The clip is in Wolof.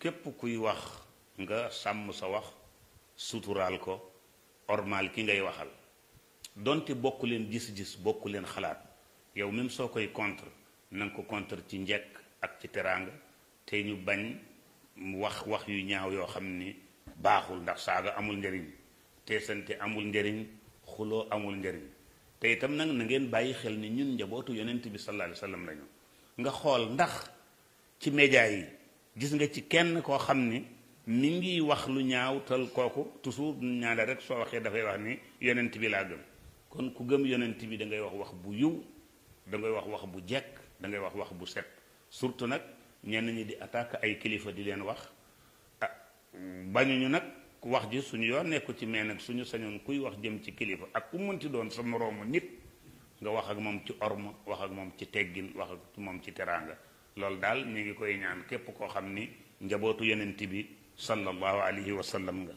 képp kuy wax nga sàmm sa wax suturaal ko ormal ki ngay waxal donte bokk leen gis-gis bokk leen xalaat yow même soo koy contre nanga ko contre ci njekk ak ci teraanga te ñu bañ wax wax yu ñaaw yoo xam ni baaxul ndax saaga amul njariñ te sante amul njariñ xuloo amul njariñ te itam nag na ngeen bàyyi xel ni ñun njabootu yonent bi sallallahu alayhi wa sallam lañu nga xool ndax ci média yi gis nga ci kenn koo xam ni mi ngi wax lu ñaawtal kooku toujours rek soo waxee dafay wax ni yonent bi laa gëm kon ku gëm yonent bi da ngay wax wax bu yiw da ngay wax wax bu jekk da ngay wax wax bu set surtout nag ñenn ñi di attaque ay kilifa di leen wax ah bañuñu nag wax ji suñu yoon nekku ci mais nag suñu sañoon kuy wax jëm ci kilifa ak ku doon sa moroomu nit nga wax ak moom ci orma wax ak moom ci teggin wax ak moom ci teranga loolu daal ñu ngi koy ñaan képp koo xam ni njabootu yonent bi sallallahu alayhi wa sallam nga